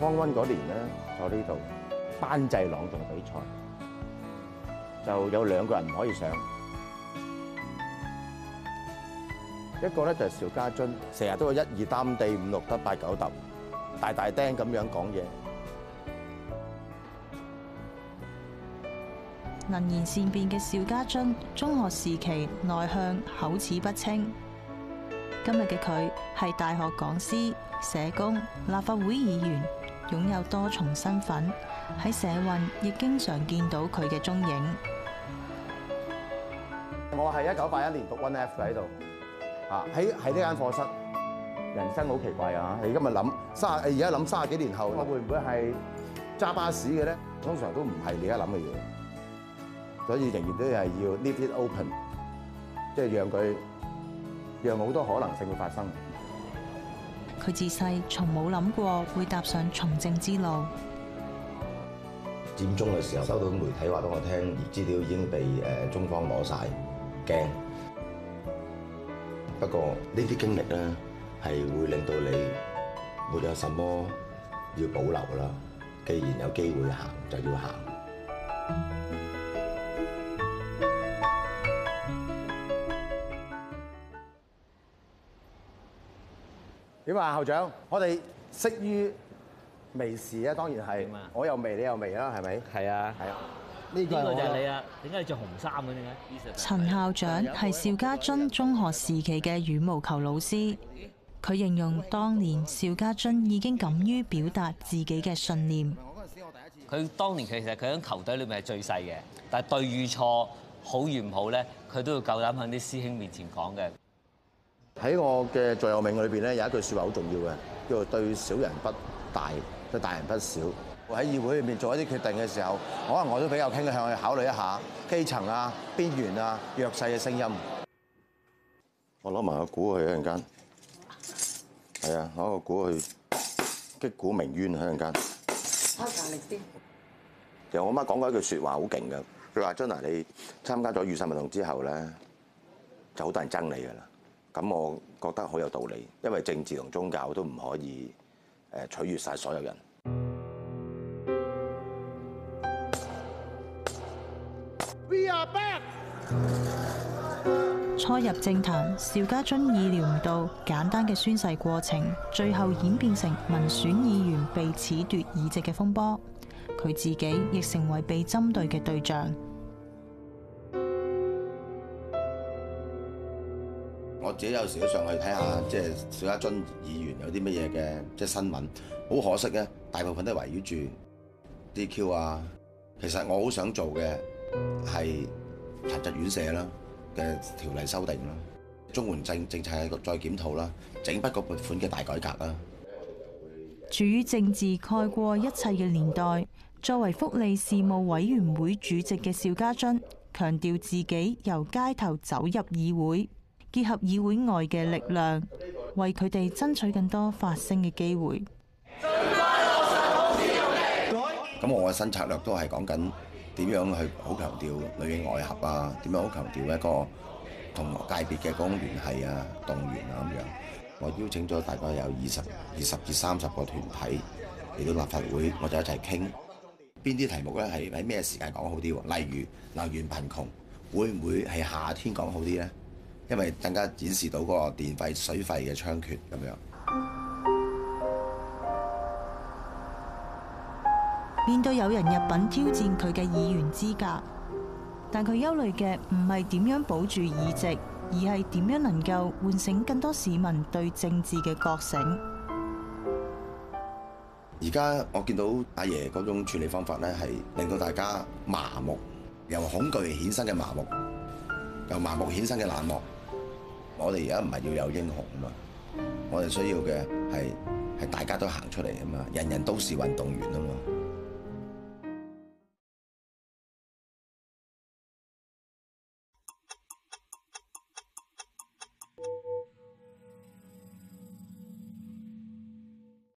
康溫嗰年咧，就在呢度班制朗誦比賽，就有兩個人唔可以上。一個咧就係邵家臻，成日都係一二三、四、五六得八九揼，大大釘咁樣講嘢。能言善辯嘅邵家臻，中學時期內向，口齒不清。今日嘅佢係大學講師、社工、立法會議員。擁有多重身份，喺社運亦經常見到佢嘅蹤影。我係一九八一年讀 One F 喺度，啊喺喺呢間課室，人生好奇怪啊！你今日諗卅，而家諗卅幾年後，我會唔會係揸巴士嘅咧？通常都唔係你而家諗嘅嘢，所以仍然都係要 leave it open，即係讓佢，讓好多可能性會發生。佢自細從冇諗過會踏上從政之路。佔中嘅時候，收到媒體話俾我聽，資料已經被誒中方攞晒，驚。不過這些歷呢啲經歷咧，係會令到你沒有什麼要保留啦。既然有機會行，就要行。點啊，校長？我哋識於微視啊，當然係。何我又微，你又微啦，係咪？係啊，係啊。呢個就係你啊！點解你着紅衫嗰啲咧？陳校長係邵家臻中學時期嘅羽毛球老師，佢形容當年邵家臻已經敢於表達自己嘅信念。佢當年其實佢喺球隊裏面係最細嘅，但係對與錯好與唔好咧，佢都要夠膽喺啲師兄面前講嘅。喺我嘅座右銘裏邊咧，有一句説話好重要嘅，叫做對小人不大，對大人不小。喺議會裏面做一啲決定嘅時候，可能我都比較傾向去考慮一下基層啊、邊緣啊、弱勢嘅聲音。我攞埋個鼓去，一陣間。係啊，攞個鼓去擊鼓鳴冤，喺陣間。開大力啲。其實我媽講過一句説話好勁㗎，佢話：將來，你參加咗雨傘運動之後咧，就好多人憎你㗎啦。咁我覺得好有道理，因為政治同宗教都唔可以取悅晒所有人。We are back. 初入政壇，邵家臻意料唔到，簡單嘅宣誓過程，最後演變成民選議員被褫奪議席嘅風波，佢自己亦成為被針對嘅對象。我自己有時都上去睇下，即係邵家臻議員有啲乜嘢嘅即係新聞。好可惜咧，大部分都係圍繞住 DQ 啊。其實我好想做嘅係殘疾院舍啦嘅條例修訂啦，綜援政政策嘅再檢討啦，整筆過撥款嘅大改革啦。處於政治蓋過一切嘅年代，作為福利事務委員會主席嘅邵家臻強調，自己由街頭走入議會。結合議會外嘅力量，為佢哋爭取更多發聲嘅機會。咁我嘅新策略都係講緊點樣去好強調裡應外合啊，點樣好強調一個同學界別嘅嗰種聯繫啊、動員啊咁樣。我邀請咗大概有二十、二十至三十個團體嚟到立法會，我就一齊傾邊啲題目咧，係喺咩時間講好啲？例如能源貧窮，會唔會係夏天講好啲咧？因為更加展示到嗰個電費、水費嘅猖獗咁樣。面對有人入品挑戰佢嘅議員資格，但佢憂慮嘅唔係點樣保住議席，而係點樣能夠喚醒更多市民對政治嘅覺醒。而家我見到阿爺嗰種處理方法咧，係令到大家麻木，由恐懼衍生嘅麻木，由麻木衍生嘅冷漠。我哋而家唔係要有英雄啊嘛，我哋需要嘅係係大家都行出嚟啊嘛，人人都是運動員啊嘛。